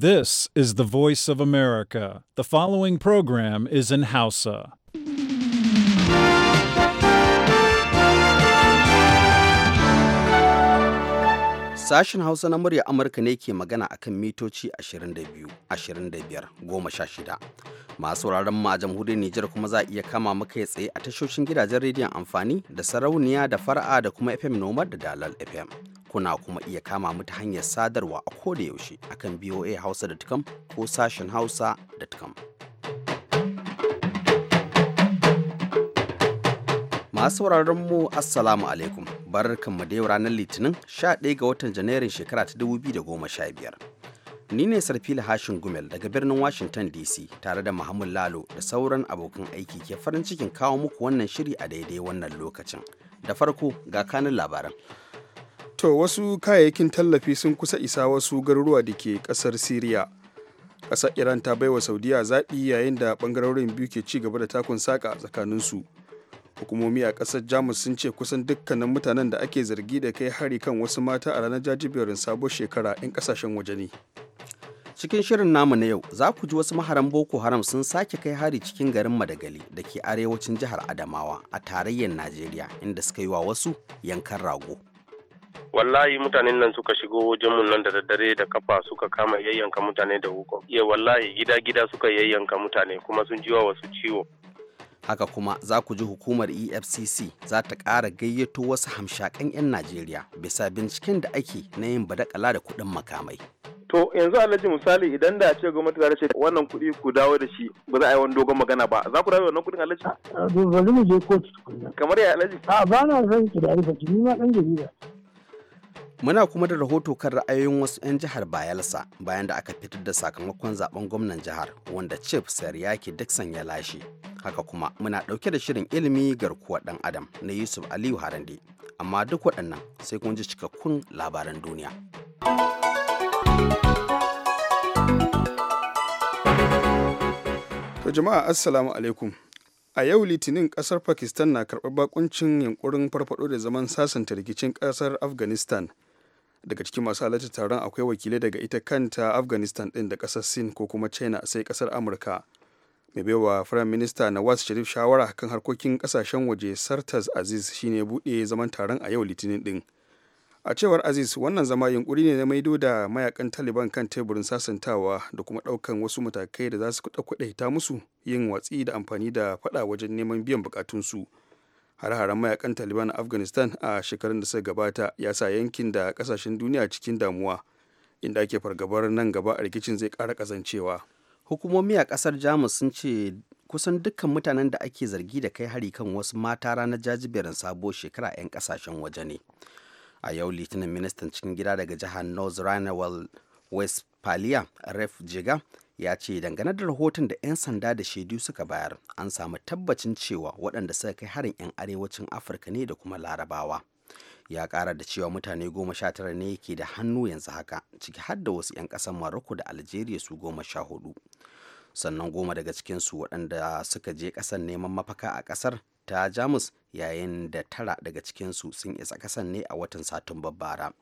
This is the voice of America. The following program is in Hausa. Sashen Hausa na murya Amurka ne ke magana a kan mitoci 22, 25, 16. Masu wuraren ma a jamhuriyar Nijar kuma za a iya kama maka tsaye a tashoshin gidajen rediyon amfani da sarauniya da fara'a da kuma FM Nomad da Dalal FM. kuna kuma iya kama mu hanyar sadarwa a da yaushe akan voa hausa.com ko sashen hausa.com masu sauraron mu assalamu alaikum barkanmu da yau ranar litinin 11 ga watan janairun shekara ta 2015 ni ne sarfila hashin gumel daga birnin washington dc tare da muhammad lalo da sauran abokan aiki ke farin cikin kawo muku wannan shiri a daidai wannan lokacin da farko ga kanin labaran To wasu kayayyakin tallafi sun kusa isa wasu garuruwa da ke kasar Siriya. Ƙasar Iran ta baiwa Saudiya zaɓi yayin da ɓangarorin biyu ke ci gaba da takun saƙa tsakaninsu. Hukumomi a ƙasar Jamus sun ce kusan dukkanin mutanen da ake zargi da kai hari kan wasu mata a ranar jajibiyarin sabuwar shekara 'yan kasashen waje ne. cikin shirin namu na yau za ku ji wasu maharan boko haram sun sake kai hari cikin garin madagali da ke arewacin jihar adamawa a tarayyar najeriya inda suka yi wa wasu yankan rago wallahi mutanen nan suka shigo wajen mun nan da daddare da kafa suka kama yayyanka mutane da wuko iya wallahi gida gida suka yayyanka mutane kuma sun jiwa wasu ciwo haka kuma za ku ji hukumar efcc za ta ƙara gayyato wasu hamshakan 'yan najeriya bisa binciken da ake na yin badakala da kuɗin makamai to yanzu alhaji misali idan da ce gwamnati za ta ce wannan kuɗi ku dawo da shi ba za a yi wani dogon magana ba za ku dawo da wannan kuɗin alhaji ba zan je kotu kamar ya alhaji a ba na zan ki da ni ma dan jarida Muna kuma da rahoto kan ra'ayoyin wasu 'yan jihar Bayelsa bayan da aka fitar da sakamakon zaben gwamnan jihar wanda Chief Sariyaki Dixon ya lashe. Haka kuma muna ɗauke da shirin ilimi garkuwa ɗan Adam na Yusuf Aliyu Harande. Amma duk waɗannan sai kun ji cikakkun labaran duniya. To jama'a assalamu alaikum. a yau litinin kasar pakistan na karɓar bakuncin yunkurin farfaɗo da zaman sasanta rikicin kasar afghanistan daga cikin masu halartar taron akwai wakilai daga ita kanta afghanistan din da kasar sin ko kuma china sai kasar amurka mai baiwa firayim minista nawaz sharif shawara kan harkokin kasashen waje sartas aziz shine buɗe zaman taron a yau litinin din a cewar aziz wannan zama yunkuri ne na maido da mayakan taliban kan teburin sasantawa da kuma ɗaukan wasu matakai da za su kuɗa musu yin watsi da amfani da faɗa wajen neman biyan bukatunsu su hare haren mayakan taliban a afghanistan a shekarun da suka gabata ya sa yankin da kasashen duniya cikin damuwa inda ake fargabar nan gaba a rikicin zai kara kazancewa hukumomi a kasar jamus sun ce kusan dukkan mutanen da ake zargi da kai hari kan wasu mata ranar jajiberin sabo shekara 'yan kasashen waje ne a yau litinin ministan cikin gida daga jihar north rhine palia ref jiga ya ce dangane da rahoton da 'yan sanda da shaidu suka bayar an samu tabbacin cewa waɗanda suka kai harin 'yan arewacin afirka ne da kuma larabawa ya ƙara da cewa mutane goma sha tara ne ke da hannu yanzu haka ciki har da wasu 'yan ƙasar maroko da algeria su goma sha hudu sannan goma daga cikinsu waɗanda suka je ƙasar neman mafaka a ƙasar ta jamus yayin da tara daga cikinsu sun isa ƙasar ne a watan satumbar bara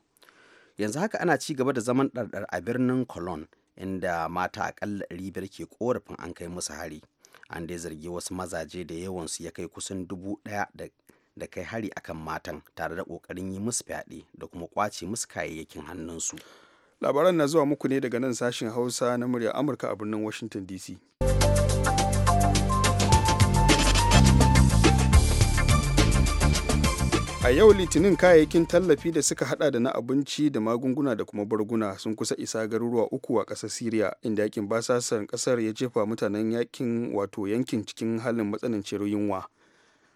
yanzu haka ana ci gaba da zaman ɗarɗar a birnin cologne inda mata akalla ɗari biyar ke korafin an kai musu hari an dai zargi wasu mazaje da yawansu ya kai kusan dubu ɗaya da kai hari akan matan tare da ƙoƙarin yi musu fyaɗe da kuma ƙwace musu kayayyakin hannunsu labaran na zuwa muku ne daga nan sashen hausa na murya amurka a birnin washington dc a yau litinin kayayyakin tallafi da suka hada da na abinci da magunguna da kuma barguna sun kusa isa garuruwa uku a ƙasar siriya inda yakin basasan ƙasar ya jefa mutanen yakin wato yankin cikin halin matsanancin yunwa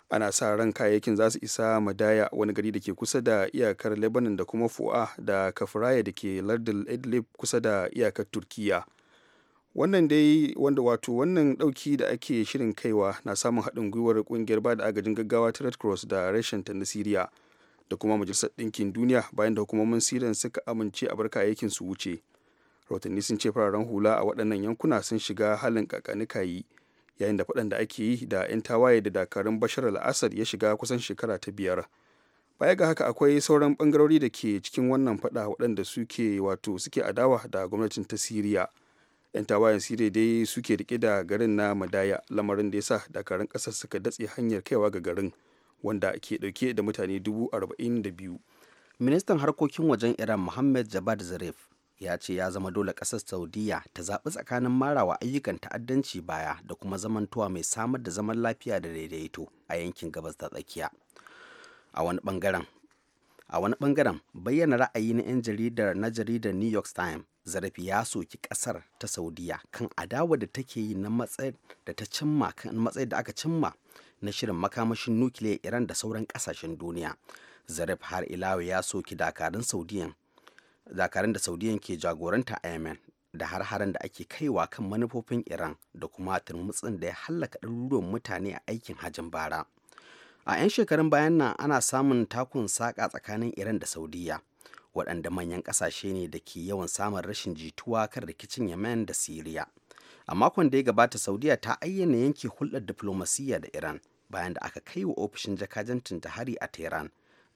ana sa ran kayayyakin za su isa madaya wani gari da ke kusa da iyakar lebanon da kuma fu'a da kafraya da ke lardin idlib kusa da iyakar turkiyya. wannan dai wanda wato wannan dauki da ake shirin kaiwa na samun haɗin gwiwar ƙungiyar ba da agajin gaggawa ta red cross da reshen ta na siriya da kuma majalisar ɗinkin duniya bayan da hukumomin siriyan suka amince a barka kayayyakin su wuce rahotanni sun ce fararen hula a waɗannan yankuna sun shiga halin kakanikayi yayin da faɗan da ake yi da 'yan tawaye da dakarun bashar al ya shiga kusan shekara ta biyar baya ga haka akwai sauran bangarori da ke cikin wannan faɗa waɗanda suke wato suke adawa da gwamnatin ta siriya 'yan tawayen su dai suke rike da garin na madaya lamarin da ya sa dakarun ƙasar suka datse hanyar kaiwa ga garin wanda ke dauke da mutane dubu arba'in da biyu ministan harkokin wajen iran muhammad jabad zarif ya ce ya zama dole ƙasar saudiya ta zaɓi tsakanin marawa ayyukan ta'addanci baya da kuma zamantowa mai samar da zaman lafiya da daidaito a yankin gabas ta tsakiya a wani bangaren a wani bangaren bayyana ra'ayi na 'yan jaridar na jaridar new york times zarafi ya soki kasar ta saudiya kan adawa da take yi na matsayin da ta cimma kan matsayin da aka cimma na shirin makamashin nukiliyar iran da sauran kasashen duniya zarif har ilawa ya soki dakarun saudiyan dakarun da saudiyan ke jagoranta a yemen da har-haren da ake kaiwa kan manufofin iran da kuma turmutsin da ya hallaka ɗaruruwan mutane a aikin hajin bara a 'yan shekarun bayan nan ana samun takun saƙa tsakanin iran da saudiya waɗanda manyan ƙasashe ne da ke yawan samun rashin jituwa kan rikicin yemen da siriya a makon da ya gabata saudiya ta ayyana yanke hulɗar diflomasiyya da iran bayan da aka kai wa ofishin jakajantin ta hari a tehran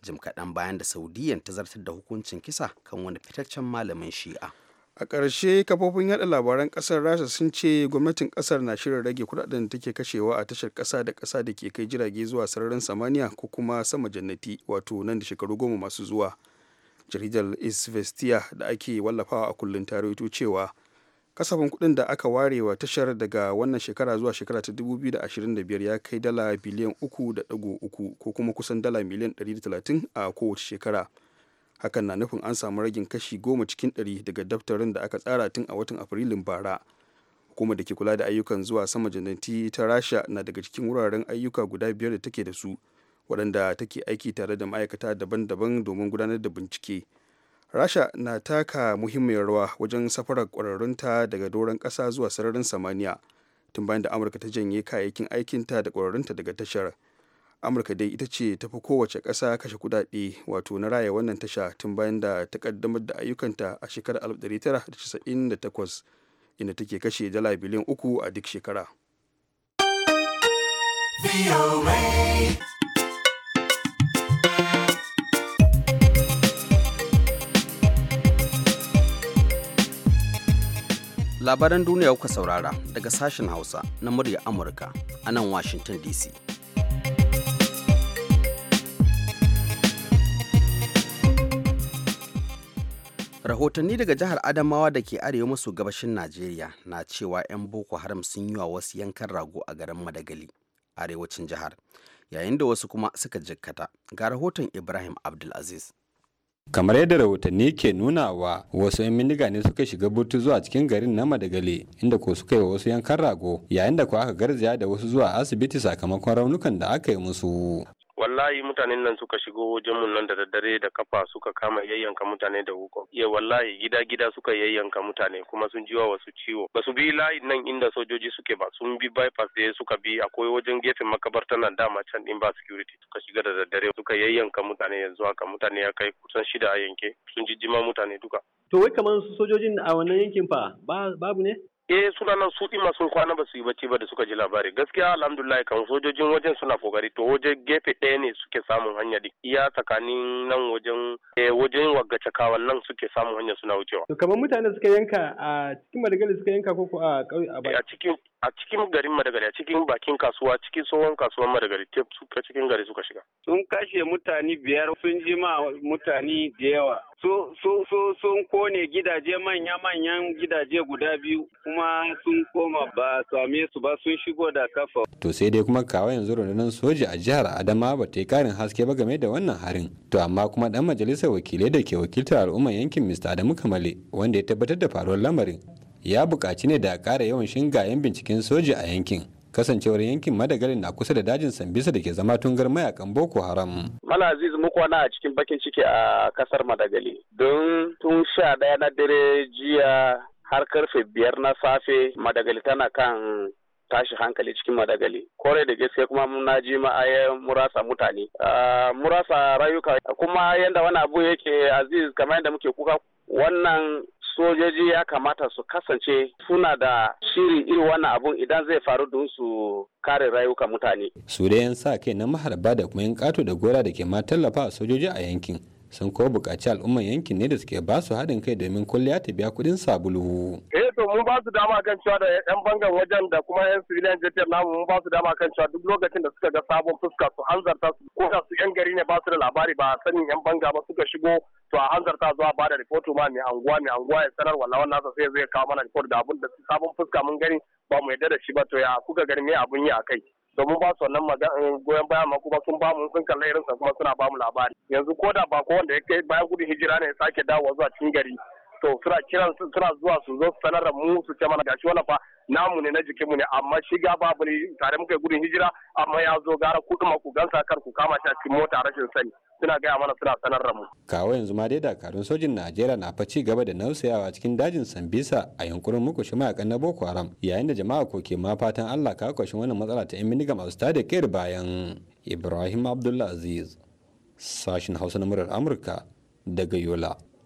jim kaɗan bayan da saudiyyan ta zartar da hukuncin kisa kan wani fitaccen malamin shi'a a ƙarshe kafofin yaɗa labaran ƙasar rasha sun ce gwamnatin ƙasar na shirin rage kuɗaɗen da take kashewa a tashar ƙasa da ƙasa da ke kai jirage zuwa sararin samaniya ko kuma sama jannati wato nan da shekaru goma masu zuwa jaridar isvestia da ake wallafawa a kullum ta cewa kasafin kudin da aka ware wa tashar daga wannan shekara zuwa shekara ta 2025 ya kai dala biliyan 3.3 ko kuma kusan dala miliyan 130 a kowace shekara hakan na nufin an samu ragin kashi goma cikin 100 daga daftarin da aka tsara tun a watan afrilun bara hukumar da ke kula da ayyukan zuwa sama jandanti ta rasha na daga cikin wuraren ayyuka guda biyar da take da su waɗanda take aiki tare da ma'aikata daban-daban domin gudanar da bincike rasha na taka muhimmiyar rawa wajen safarar ƙwararrunta daga doron ƙasa zuwa sararin samaniya tun bayan da amurka ta janye kayayyakin aikinta da ƙwararrunta daga tashar amurka dai ita ce ta fi kowace ƙasa kashe kudade wato na raya wannan tasha tun bayan da ta ƙaddamar da ayyukanta a shekarar 1998 inda take kashe dala biliyan uku a duk shekara. labaran duniya kuka saurara daga sashen hausa na murya amurka a nan washington dc rahotanni daga jihar adamawa da ke arewa maso gabashin najeriya na cewa 'yan boko haram sun yi wa wasu yankan rago a garin madagali arewacin jihar yayin da wasu kuma suka jikkata ga rahoton ibrahim abdulaziz kamar yadda rahotanni ke nuna wa wasu 'yan bindiga ne suka shiga butu zuwa cikin garin na madagali inda ko suka yi wasu yankan rago yayin da ko aka garzaya da wasu zuwa asibiti sakamakon raunukan da aka yi musu wallahi mutanen nan suka shigo wajen mun nan da daddare da kafa suka kama yayyanka mutane da wuko ya wallahi gida gida suka yayyanka mutane kuma sun jiwa wasu ciwo ba su bi layin nan inda sojoji suke ba sun bi bypass da suka bi akwai wajen gefen makabarta nan dama can din ba security suka shiga da daddare suka yayyanka mutane yanzu haka mutane ya kai kusan shida a yanke sun jijjima mutane duka to wai kamar sojojin a wannan yankin fa babu ne eh suna nan su ɗima sun kwana ba su yi bacci ba da suka ji labari gaskiya alhamdulillah kan sojojin wajen suna kokari to wajen gefe ɗaya ne suke samun hanya din iya tsakanin nan wajen eh wajen wagga kawan nan suke samun hanya suna wucewa to kamar mutane suka yanka a cikin madagali suka yanka ko a ƙauye a eh, a cikin a cikin garin madagali a cikin bakin kasuwa cikin tsohon kasuwar madagali ta cikin gari suka shiga sun kashe mutane biyar sun jima mutane da yawa sun kone gidaje manya-manyan gidaje guda biyu kuma sun koma ba same su ba sun shigo da kafa. To sai dai kuma kawai yanzu rundunar soja a jihar Adama ba ta yi karin haske ba game da wannan harin. To amma kuma dan majalisar wakilai da ke wakiltar al'ummar yankin Mr. Adamu Kamale wanda ya tabbatar da faruwar lamarin ya buƙaci ne da ƙara yawan shingayen binciken soja a yankin. kasancewar yankin madagalin na kusa da dajin sambisa da ke zama tungar mayakan boko haram mala aziz wani a cikin bakin ciki a kasar madagali don tun sha daya na dare jiya har karfe biyar na safe madagali tana kan tashi hankali cikin madagali kore da gaske kuma na ji ma'ayan murasa mutane murasa rayuka kuma yadda wani abu yake aziz kamar yadda muke kuka wannan sojoji ya kamata su kasance suna da shiri irin wannan abun idan zai faru don su kare rayuka mutane. Su da 'yan sa kai na maharba da kuma 'yan kato da gora da ke ma tallafa sojoji a yankin sun kuma bukaci al'umman yankin ne da suke ba su haɗin kai domin kulliya ta biya kuɗin sabulu. Eh to mun ba su dama kan cewa da yan bangan wajen da kuma yan civilian jirgin namu mun ba su dama kan cewa duk lokacin da suka ga sabon fuska su hanzarta su ko da su yan gari ne ba su da labari ba sanin yan banga ba suka shigo to a hanzarta zuwa ba da rifoto ma mai anguwa mai anguwa ya sanar walla wannan sa sai zai kawo mana rifoto da abun da sabon fuska mun gani ba mu yarda da shi ba to ya kuka gani me abun yi a kai. domin ba su wannan eh, goyon baya ma kuma sun ba mu sun kalla irinsa kuma suna ba labari yanzu ko da ba ko wanda ya kai bayan gudun hijira ne ya sake dawowa zuwa cikin gari to suna kiran suna zuwa su zo sanar da mu su ce mana gashi wala fa namu ne na jikinmu ne amma shiga babu ne tare muka yi gudun hijira amma ya zo gara ku kuma ku gansa kar ku kama shi a cikin mota rashin sani suna gaya mana suna sanar da mu. kawo yanzu ma dai dakarun sojin najeriya na fa ci gaba da nausayawa cikin dajin sambisa a yankunan mukushi mayakan na boko haram yayin da jama'a ko ke ma fatan allah ka kwashin wannan matsala ta yan bindiga masu tada kayar bayan ibrahim abdullah aziz sashin hausa na murar amurka daga yola.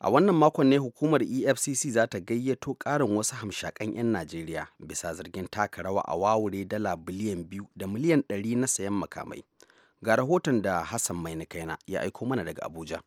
a wannan makon ne hukumar efcc za ta gayyato ƙarin wasu hamshakan 'yan najeriya bisa zargin taka rawa a wawure dala biliyan biyu da miliyan ɗari na sayan makamai ga rahoton da hassan mai na ya aiko mana daga abuja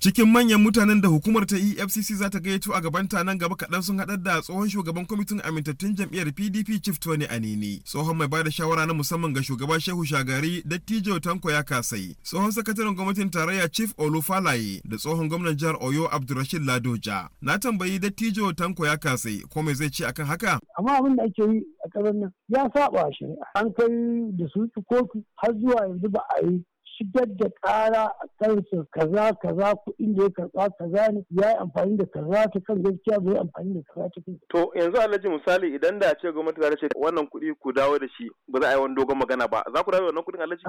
cikin manyan mutanen da hukumar ta efcc za ta gayyato a gabanta nan gaba kaɗan sun haɗar da tsohon shugaban kwamitin amintattun jam'iyyar pdp chief tony anini tsohon mai bada shawara na musamman ga shugaba shehu shagari dattijo tanko ya kasai tsohon sakataren gwamnatin tarayya chief olufalaye da tsohon gwamnan jihar oyo abdulrashid ladoja na tambayi dattijo tanko ya kasai ko mai zai ce akan haka amma abin da ake yi a ƙasar nan ya saba shari'a an kai da su kotu har zuwa yanzu ba a yi shigar da ƙara a kansa kaza kaza kuɗin da ya karɓa kaza ne ya yi amfani da kaza ta kan gaskiya bai amfani da kaza ta kan. To yanzu Alhaji misali idan da ce gwamnati za ta ce wannan kuɗi ku dawo da shi ba za a yi wani dogon magana ba za ku dawo da wannan kuɗin Alhaji.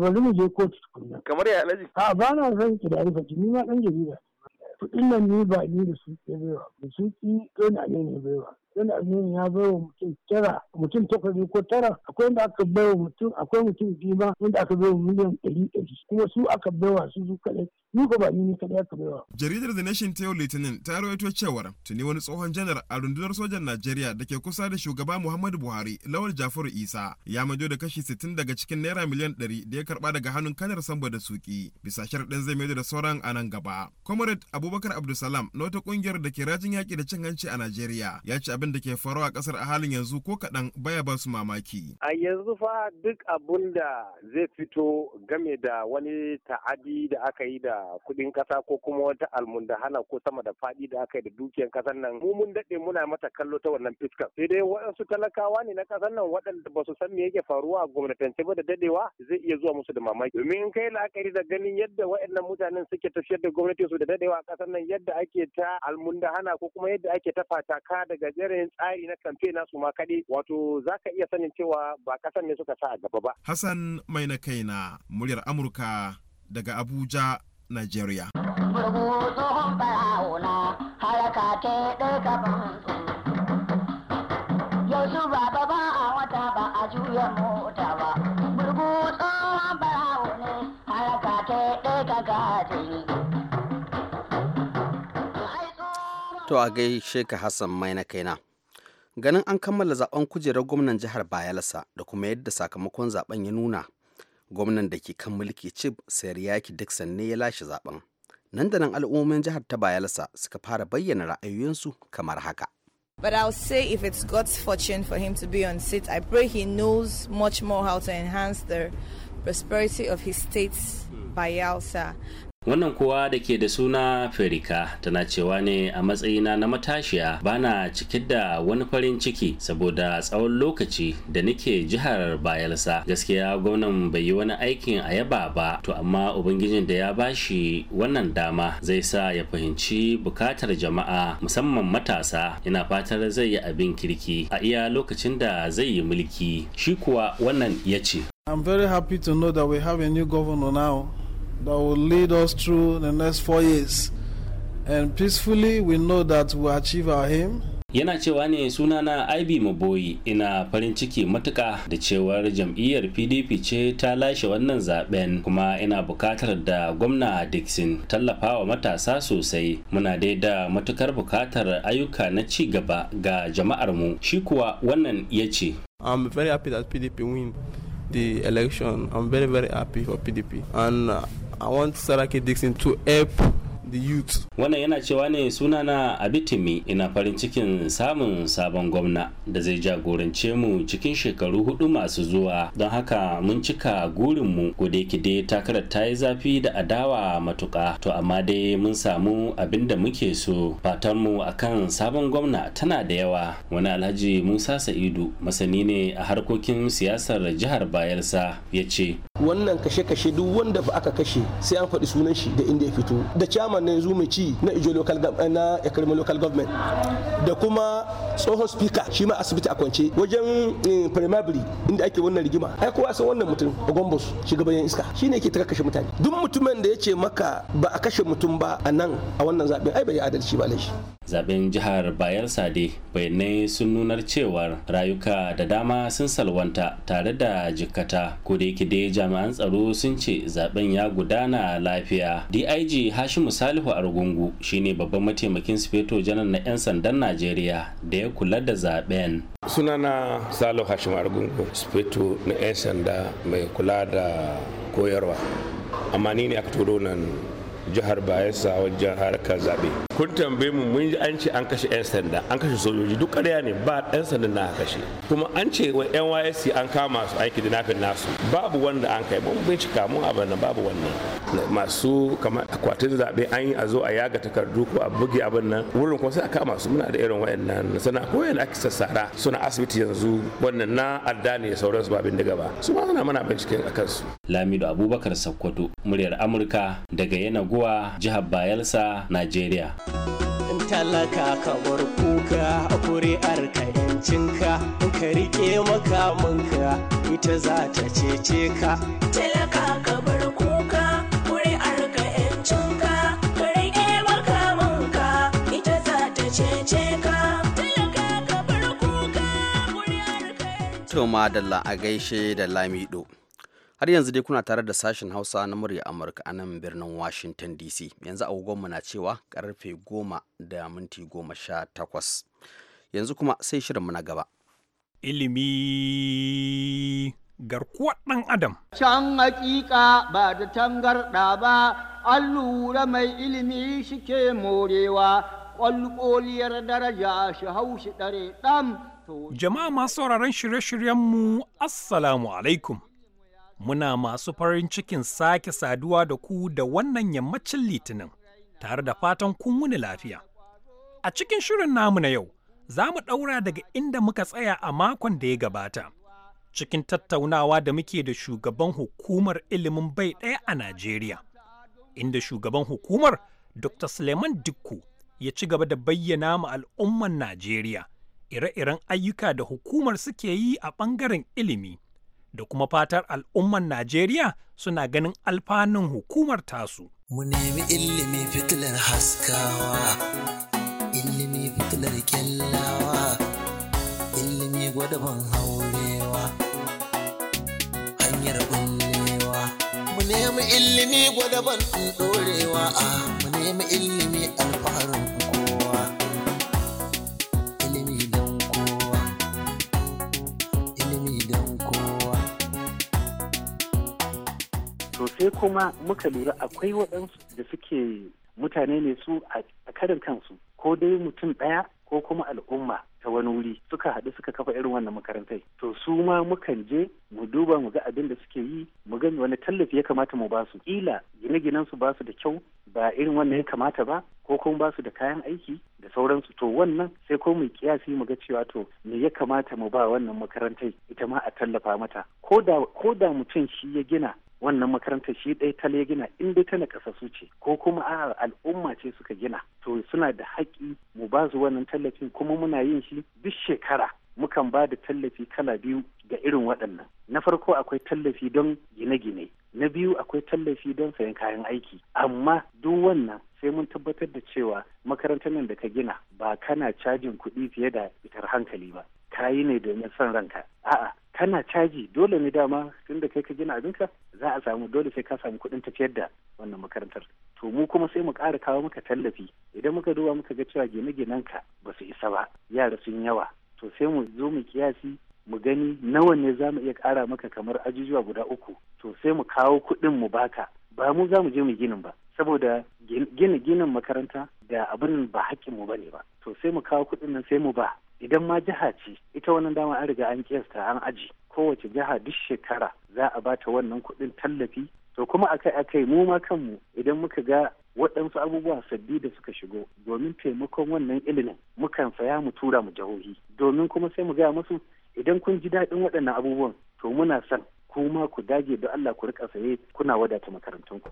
Bari mu je kotu tukunna. Kamar ya Alhaji. A ba na zan ki da rufe ni ma ɗan jarida. Kuɗin nan ni ba ni da su ke baiwa, da su ki ɗaya na ne baiwa. wani aminu ya bai wa mutum tara mutum takwas ko tara akwai wanda aka bai mutum akwai mutum biyu ma wanda aka bai wa miliyan ɗari ɗari kuma su aka bai su su kaɗai ni ko ba ni ne kaɗai aka bai jaridar the nation ta yau litinin ta rawaito cewar tuni wani tsohon janar a rundunar sojan najeriya da ke kusa da shugaba muhammadu buhari lawal jafaru isa ya majo da kashi sittin daga cikin naira miliyan ɗari da ya karɓa daga hannun kanar samba da suki bisa sharɗin zai maido da sauran a nan gaba. comrade abubakar abdulsalam na wata ƙungiyar da ke rajin yaƙi da cin hanci a najeriya ya ce abin abin da ke faruwa a kasar a halin yanzu ko kaɗan baya ba su mamaki. A yanzu fa duk abun da zai fito game da wani ta'adi da aka yi da kuɗin kasa ko kuma wata almundahana ko sama da faɗi da aka yi da dukiyar ƙasar nan mu mun daɗe muna mata kallo ta wannan fiskar. Sai dai waɗansu talakawa ne na ƙasar nan waɗanda ba su san me yake faruwa a gwamnatance ba da daɗewa zai iya zuwa musu da mamaki. Domin kai la'akari da ganin yadda waɗannan mutanen suke tafiyar da gwamnati su da daɗewa a ƙasar nan yadda ake ta almundahana ko kuma yadda ake ta fataka daga jere. yanayin tsari na kamfe nasu ma kaɗai wato za ka iya sanin cewa ba kasan ne suka sa a gaba ba. Hassan mai na kaina muryar Amurka daga Abuja, Nigeria. Burbutu ba a wata ba a juya mota ba. To a gaishe ka Hassan mai na kaina. ganin an kammala zaben kujerar gwamnan jihar bayelsa da kuma yadda sakamakon zaben ya nuna gwamnan da ke kan mulki chip yaki dixon ne ya lashe zaben nan da nan al'ummomin jihar ta bayelsa suka fara bayyana ra'ayoyinsu kamar haka But I'll say if it's God's fortune for him to be on seat, I pray he knows much more how to enhance the prosperity of his state, Bayelsa, wannan kowa da ke da suna ferika tana cewa ne a matsayina na matashiya bana cike da wani farin ciki saboda tsawon lokaci da nake jihar bayelsa gaskiya gwamnan bai yi wani aikin a yaba ba to amma ubangijin da ya bashi wannan dama zai sa ya fahimci bukatar jama'a musamman matasa ina fatar zai yi abin kirki a iya lokacin da zai yi mulki shi kuwa wannan ya ce I'm very happy to know that we have a new governor now. that will lead us through the next four years. And peacefully, we know that we achieve our aim. yana cewa ne sunana ib maboyi ina farin ciki matuka da cewar jam'iyyar pdp ce ta lashe wannan zaben kuma ina bukatar da gwamna dixon wa matasa sosai muna dai da matukar bukatar ayyuka na ci gaba ga jama'ar mu shi kuwa wannan ya ce i'm very happy that pdp win the election i'm very very happy for pdp and uh, I want Saraki Dixon to help the youth. Wannan yana cewa ne suna na Abitimi ina farin cikin samun sabon gwamna da zai jagorance mu cikin shekaru hudu masu zuwa don haka mun cika gurinmu gode ki dai takarar ta yi zafi da adawa matuka to amma dai mun samu abin da muke so fatanmu akan sabon gwamna tana da yawa wani alhaji Musa Sa'idu masani ne a harkokin siyasar jihar Bayelsa ya ce wannan kashe-kashe duk wanda aka kashe sai an faɗi sunan shi da inda ya fito da chama ciyaman na yanzu mai ci na ijo local eh, na ekarimin local government da kuma tsohon speaker shi ma asibiti a kwance wajen eh, primary inda ake wannan rigima ai kowa san wannan mutum a gombos shugaban yan iska ne ke ta kashe mutane duk mutumin da ya ce maka ba a kashe mutum ba a nan a wannan zaben ai bai adalci ba laishi zaben jihar bayelsa dai bayanai sun nunar cewar rayuka da dama sun salwanta tare da jikkata ko da yake dai jami'an tsaro sun ce zaben ya gudana lafiya dig hashimu salihu argungu shine babban mataimakin sufeto janar na 'yan sandan najeriya da ya kula da zaben sunana salihu hashimu argungu sufeto na 'yan sanda mai kula da koyarwa amma ni ne aka turo nan jihar bayelsa wajen harkar zaɓe kun tambaye mu mun an ce an kashe 'yan sanda an kashe sojoji duk ƙarya ne ba ɗan sanda na kashe kuma an ce wa nysc an kama su da nafin nasu babu wanda an kai mun bincika mun abin babu wannan masu kamar akwatin zaɓe an yi a zo a yaga takardu ko a buge abin nan wurin kuma sai a kama su muna da irin wayannan sana ko yana ake sassara suna asibiti yanzu wannan na adda ne sauransu ba babin daga ba su ma suna mana binciken a kansu lamido abubakar sakkwato muryar amurka daga yana wa jihar Bayelsa, Najeriya. talaka ka bar kuka kuri'ar ka yancinka in ka rike makamanka ita za ta cece ka talaka ka bar kuka kuri'ar ka yancinka ka rike makamanka ita za ta cece ka talaka ka bar kuka kuri'ar ka yancinka to madalla a gaishe da lamido har yanzu dai kuna tare da sashen hausa na murya amurka a nan birnin washington dc yanzu agogonmu na cewa karfe goma da minti goma sha takwas yanzu kuma sai shirinmu na gaba ilimi garkuwar ɗan adam can hakika ba da tangarɗa ba allura mai ilimi shike morewa ƙwalƙoliyar daraja shi haushi ɗare dam jama'a masu sauraron shirye-shiryenmu assalamu alaikum muna masu farin cikin sake saduwa da ku da wannan yammacin litinin tare da fatan kun wuni lafiya. A cikin shirin namu na yau, za mu ɗaura daga inda muka tsaya a makon da ya gabata. Cikin tattaunawa da muke da shugaban hukumar ilimin bai ɗaya a Najeriya, inda shugaban hukumar Dr. Suleiman Dikku, ya ci gaba da bayyana ma al'umman Najeriya ire-iren ayyuka da hukumar suke yi a ɓangaren ilimi. da kuma fatar al'umman Najeriya suna ganin alfanun hukumar tasu. Mu nemi ilimi fitilar haskawa, ilimi fitilar kyallawa, ilimi gwadaban haurewa, hanyar bullewa. Mu nemi ilimi gwadaban ɗorewa, ah, mu nemi ilimi alfaharin sai kuma muka lura akwai waɗansu da suke mutane ne su a karin kansu ko dai mutum ɗaya ko kuma al'umma ta wani wuri suka haɗu suka kafa irin wannan makarantai to su ma mukan je mu duba mu ga abin da suke yi mu gani wani tallafi ya kamata mu ba su kila gine-ginen su ba su da kyau ba irin wannan ya kamata ba ko kuma ba su da kayan aiki da sauransu to wannan sai ko mu kiyasi mu ga cewa to me ya kamata mu ba wannan makarantai ita ma a tallafa mata ko da mutum shi ya gina wannan makarantar shi ɗaya ta gina in dai ta nakasassu ce ko kuma a al'umma ce suka gina to suna da haƙƙi mu ba su wannan tallafin kuma muna yin shi duk shekara mukan ba da tallafi kala biyu ga irin waɗannan na farko akwai tallafi don gine-gine na biyu akwai tallafi don sayan kayan aiki amma duk wannan sai mun tabbatar da cewa makarantar nan da ka gina ba kana cajin kuɗi fiye da fitar hankali ba ka yi ne domin son ranka a'a kana caji dole ne dama tun da kai ka gina abinka za a samu dole sai ka samu kuɗin tafiyar da wannan makarantar to mu kuma sai mu ƙara kawo maka tallafi idan muka duba muka ga cewa gine-ginen ka ba su isa ba yara sun yawa to sai mu zo mu kiyasi mu gani nawa ne za mu iya ƙara maka kamar ajujuwa guda uku to sai mu kawo kuɗin mu baka ba mu za mu je mu ginin ba saboda gina ginin makaranta da abin ba haƙƙin mu bane ba to sai mu kawo kuɗin nan sai mu ba idan ma jiha ce ita wannan dama an riga an kiyasta an aji kowace jiha duk shekara za a bata wannan kuɗin tallafi to kuma akai akai mu ma kanmu idan muka ga waɗansu abubuwa sabbi da suka shigo domin taimakon wannan ilimin mukan saya mu tura mu jihohi domin kuma sai mu gaya musu idan kun ji daɗin waɗannan abubuwan to muna san kuma ku dage da Allah ku rika saye kuna wadata makarantunku.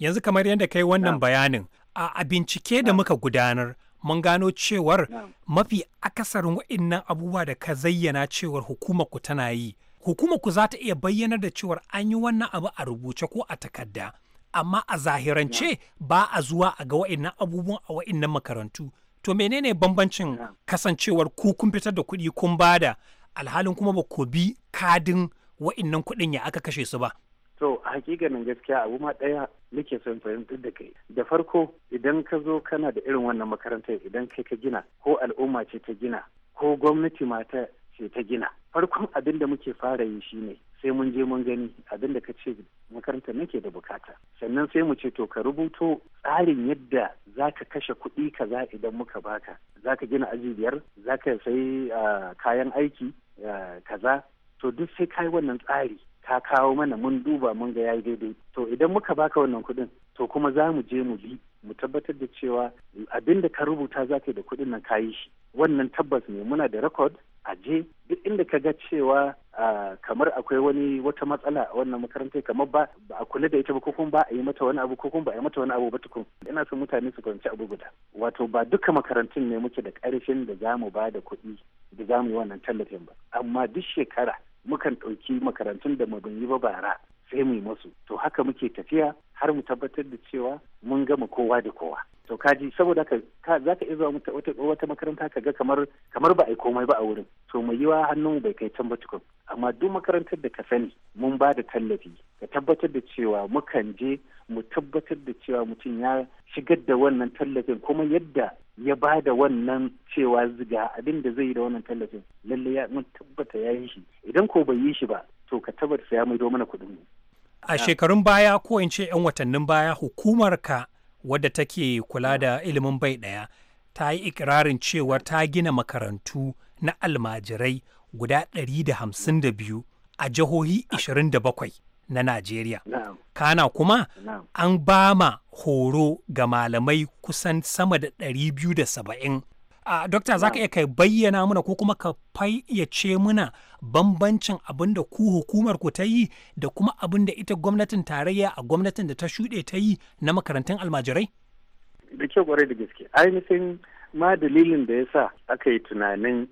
Yanzu kamar yadda kai wannan bayanin a bincike da muka gudanar mun gano cewar mafi akasarin wa'innan abubuwa da ka zayyana cewar hukumar ku tana yi hukumar ku za ta iya bayyanar da cewar an yi wannan abu a rubuce ko a takarda amma a zahirance ba a zuwa a ga wa'innan abubuwan a wa'innan makarantu to menene bambancin kasancewar ku kun fitar da kuɗi kun bada alhalin kuma ba ku bi kadin waɗannan kuɗin ya aka kashe su ba so hakikanin gaskiya abu ma daya nake son fahimtar da kai da farko idan ka zo kana da irin wannan makarantar idan kai ka gina ko al'umma ce ta gina ko gwamnati mata ce ta gina farkon abin da muke fara yi shine sai mun je mun gani abin da ka ce makarantar nake da bukata sannan sai mu ce to ka rubuto tsarin yadda za ka kashe kuɗi kaza idan muka baka za ka gina aji biyar za ka sayi ah, kayan aiki ah, kaza to duk sai kayi wannan tsari ka kawo mana mun duba mun ga yayi daidai to idan muka baka wannan kuɗin to kuma za mu je mu bi mu tabbatar da cewa abin da ka rubuta za ka da kuɗin nan ka yi shi wannan tabbas ne muna da rekod a je duk inda ka ga cewa kamar akwai wani wata matsala a wannan makarantar kamar ba a kula da ita ba ko kuma ba a yi mata wani abu ko kuma ba a yi mata wani abu ba tukun ina son mutane su fahimci abu guda wato ba duka makarantun ne muke da karfin da za mu ba da kuɗi da za mu yi wannan tallafin ba amma duk shekara mukan ɗauki makarantun da mabin yi ba bara sai mu yi masu to haka muke tafiya har mu tabbatar da cewa mun gama kowa da kowa to kaji saboda ka za ka iya zuwa wata wata makaranta ka ga kamar kamar ba a yi komai ba a wurin to mai yiwa hannun bai kai can ba tukun amma duk makarantar da ka sani mun ba da tallafi ka tabbatar da cewa mukan je mu tabbatar da cewa mutum ya shigar da wannan tallafin kuma yadda ya ba da wannan cewa ziga abin da zai yi da wannan tallafin lalle ya mun tabbata ya yi shi idan ko bai yi shi ba to ka tabbata ya maido mana kuɗin ne. a shekarun baya ko in ce yan watannin baya hukumar ka wadda take kula da ilimin bai ɗaya ta yi ikirarin cewa ta gina makarantu na almajirai guda ɗari da hamsin 152 a jihohi 27 na Najeriya. Kana kuma an ba ma horo ga malamai kusan sama da biyu da saba'in. A Dokta za ka iya kai bayyana muna ko kuma ka fayyace muna bambancin abin da ku hukumar ku ta yi da kuma abin da ita gwamnatin tarayya a gwamnatin da ta shuɗe ta yi na makarantun almajirai? Da kyau kwarai da gaske. Ainihin ma dalilin da ya sa aka yi tunanin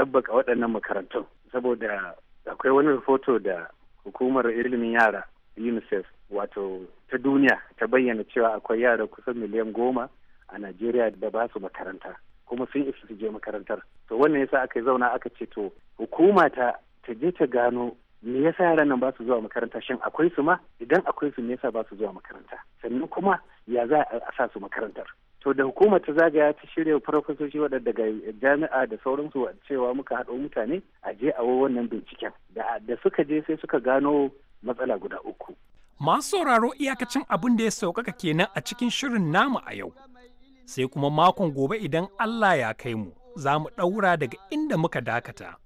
ɗabbaka waɗannan makarantun saboda akwai wani rahoto da hukumar ilimin yara unicef wato ta duniya ta bayyana cewa akwai yara kusan miliyan goma a najeriya da ba su makaranta kuma sun isa su je makarantar to wannan yasa aka zauna aka ce to hukuma ta ta je ta gano me yasa yaran nan ba su zuwa makaranta shin akwai su ma idan akwai su me yasa ba su zuwa makaranta sannan kuma ya za a sa su makarantar to da hukumar ta zagaya ta shirya farfasoshi waɗanda daga jami'a da sauransu cewa muka haɗo mutane a je a wannan binciken da suka je sai suka gano matsala guda uku. Masu sauraro iyakacin abin da ya sauƙaƙa kenan a cikin shirin namu a yau. Sai kuma makon gobe idan Allah ya kai mu za mu ɗaura daga inda muka dakata.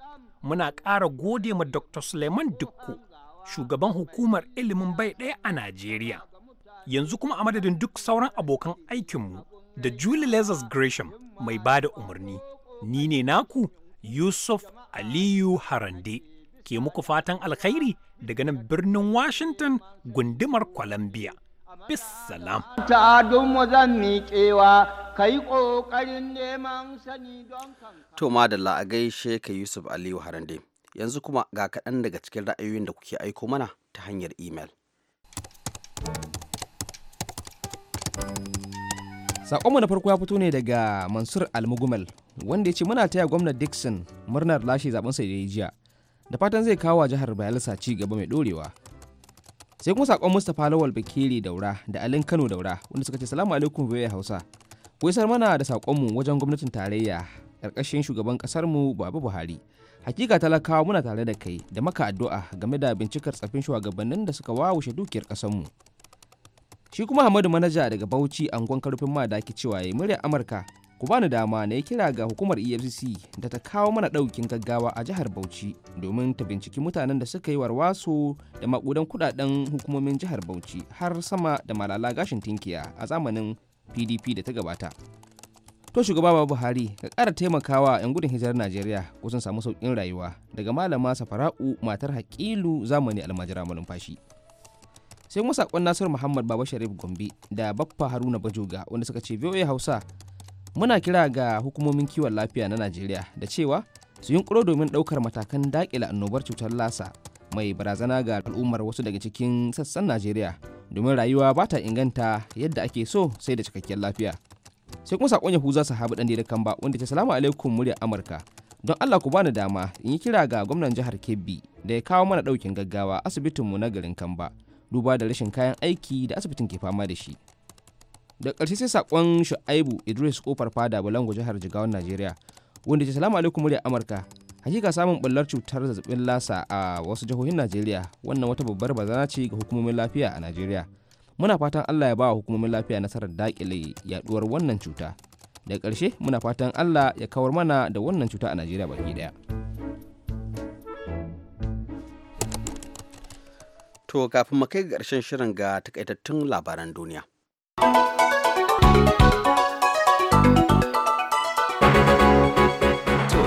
Muna ƙara gode ma Dr. Suleiman Dukku, shugaban hukumar ilimin bai ɗaya a Najeriya. Yanzu kuma a madadin duk sauran abokan aikinmu. da Julie Lazarus Gresham mai ba da umarni. Ni ne naku Yusuf Aliyu Harande ke muku fatan alkhairi daga nan birnin Washington gundumar Columbia. Bis salam. Ta'adun mu zan miƙewa ka ƙoƙarin neman sani don kanka. To ma a gaishe ka Yusuf Aliyu Harande. Yanzu kuma ga kaɗan daga cikin ra'ayoyin da kuke aiko mana ta hanyar imel. Sakonmu na farko ya fito ne daga Mansur Almugumal wanda ya ce muna taya gwamnan Dixon murnar lashe zaben sa da jiya. Da fatan zai kawo jihar Bayelsa ci gaba mai dorewa. Sai kuma sakon Mustapha Lawal Bakiri Daura da Alin Kano Daura wanda suka ce salamu alaikum biyoyi Hausa. Ku isar mana da sakonmu wajen gwamnatin tarayya karkashin shugaban kasarmu Baba Buhari. Hakika talakawa muna tare da kai da maka addu'a game da bincikar tsafin shugabannin da suka wawushe dukiyar kasarmu. mu. shi kuma hamadu manaja daga bauchi angon karfin ma madaki cewa ya murya amurka ku bani dama na yi kira ga hukumar efcc da ta kawo mana ɗaukin gaggawa a jihar bauchi domin ta binciki mutanen da suka yi warwaso da makudan kudaden hukumomin jihar bauchi har sama da malala gashin tinkiya a zamanin pdp da ta gabata to shugaba babu buhari ka kara taimakawa 'yan gudun hijirar najeriya kusan samu sauƙin rayuwa daga malama safara'u matar haƙilu zamani almajira malumfashi. fashi sai kuma sakon nasiru muhammad baba sharif gombe da baffa haruna bajoga wanda suka ce voa hausa muna kira ga hukumomin kiwon lafiya na najeriya da cewa su yunkuro domin ɗaukar matakan daƙile annobar cutar lasa mai barazana ga al'ummar wasu daga cikin sassan najeriya domin rayuwa ba ta inganta yadda ake so sai da cikakkiyar lafiya sai kuma sakon yahuza sahabu dan da kamba wanda ce salamu alaikum murya amurka don allah ku bani dama in yi kira ga gwamnan jihar kebbi da ya kawo mana ɗaukin gaggawa asibitinmu na garin kamba duba da rashin kayan aiki da asibitin ke fama da shi da ƙarshe sai saƙon shu'aibu idris kofar fada balango jihar jigawan najeriya wanda ce salamu alaikum murya amurka hakika samun ɓullar cutar zazzabin lasa a wasu jihohin najeriya wannan wata babbar bazana ce ga hukumomin lafiya a najeriya muna fatan allah ya ba wa hukumomin lafiya nasarar daƙile yaɗuwar wannan cuta da ƙarshe muna fatan allah ya kawar mana da wannan cuta a najeriya baki ɗaya. To kafin mu kai ƙarshen shirin ga takaitattun labaran duniya.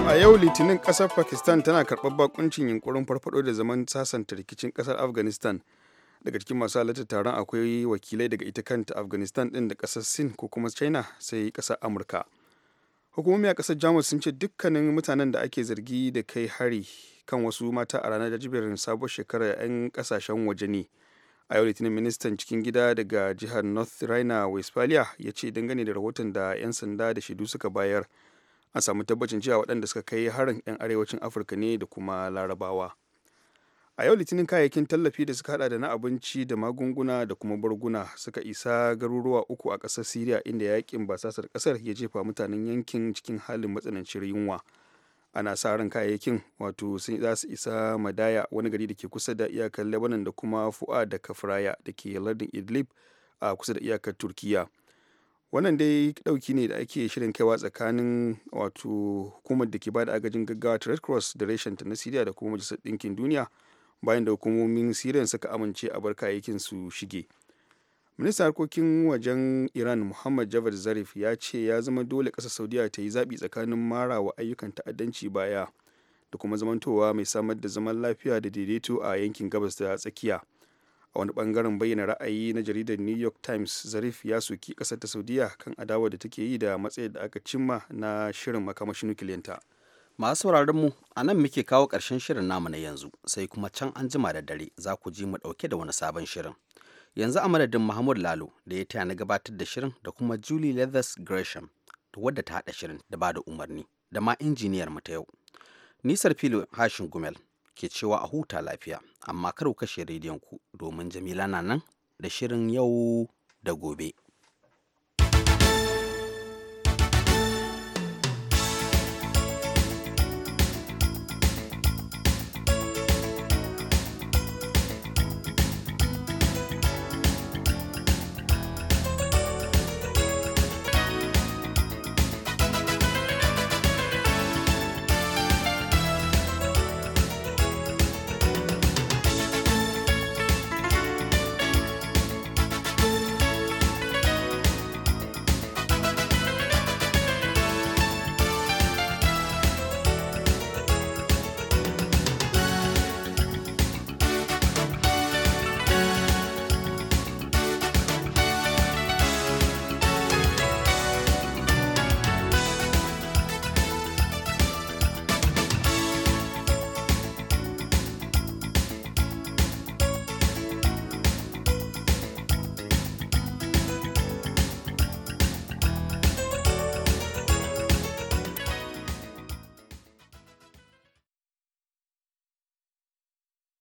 a yau litinin ƙasar pakistan tana karɓar bakuncin yunkurin farfado da zaman sasanta rikicin ƙasar afghanistan daga cikin masu halartar taron akwai wakilai daga ita kanta afghanistan din da kasar sin ko kuma china sai ƙasar amurka hukumomi a kasar jamus sun ce dukkanin mutanen da ake zargi da kai hari kan wasu mata a ranar jajibirin sabuwar shekarar 'yan kasashen waje ne a yau litinin ministan cikin gida daga jihar north rhine westphalia ya ce dangane da rahoton da 'yan sanda da shaidu suka bayar a samu tabbacin cewa waɗanda suka kai harin 'yan arewacin afirka ne da kuma larabawa a yau litinin kayayyakin tallafi da suka hada da na abinci da magunguna da kuma barguna suka isa garuruwa uku a kasar syria inda yakin basasar kasar ya jefa mutanen yankin cikin halin matsanancin yunwa ana sa ran kayayyakin wato sun za su isa madaya wani gari da ke kusa da iyakar lebanon da kuma fu'a da kafraya da ke lardin idlib a kusa da iyakar turkiya wannan dai dauki ne da ake shirin kaiwa tsakanin wato hukumar da ke bada agajin gaggawa ta red cross da reshen ta na syria da kuma majalisar ɗinkin duniya bayan da hukumomin siriyan suka amince a bar kayayyakin su shige ministan harkokin wajen iran muhammad javad zarif ya ce ya zama dole ƙasar saudiya ta yi zaɓi tsakanin mara wa ayyukan ta'addanci baya da kuma zamantowa mai samar da zaman lafiya da daidaito a yankin gabas da tsakiya a wani bangaren bayyana ra'ayi na jaridar new york times zarif ya soki kasar ta saudiya kan adawa da take yi da matsayin da aka cimma na shirin makamashin nukiliyanta masu sauraron mu a nan muke kawo ƙarshen shirin namu na yanzu sai kuma can an jima da dare za ku ji mu ɗauke da wani sabon shirin yanzu a madadin mahmud lalo da ya taya na gabatar da shirin da kuma julie leathers gresham wadda ta haɗa shirin da ba da umarni da ma injiniyar mu ta yau nisar filo hashin gumel ke cewa a huta lafiya amma kar ku kashe rediyon ku domin jamila na nan da shirin yau da gobe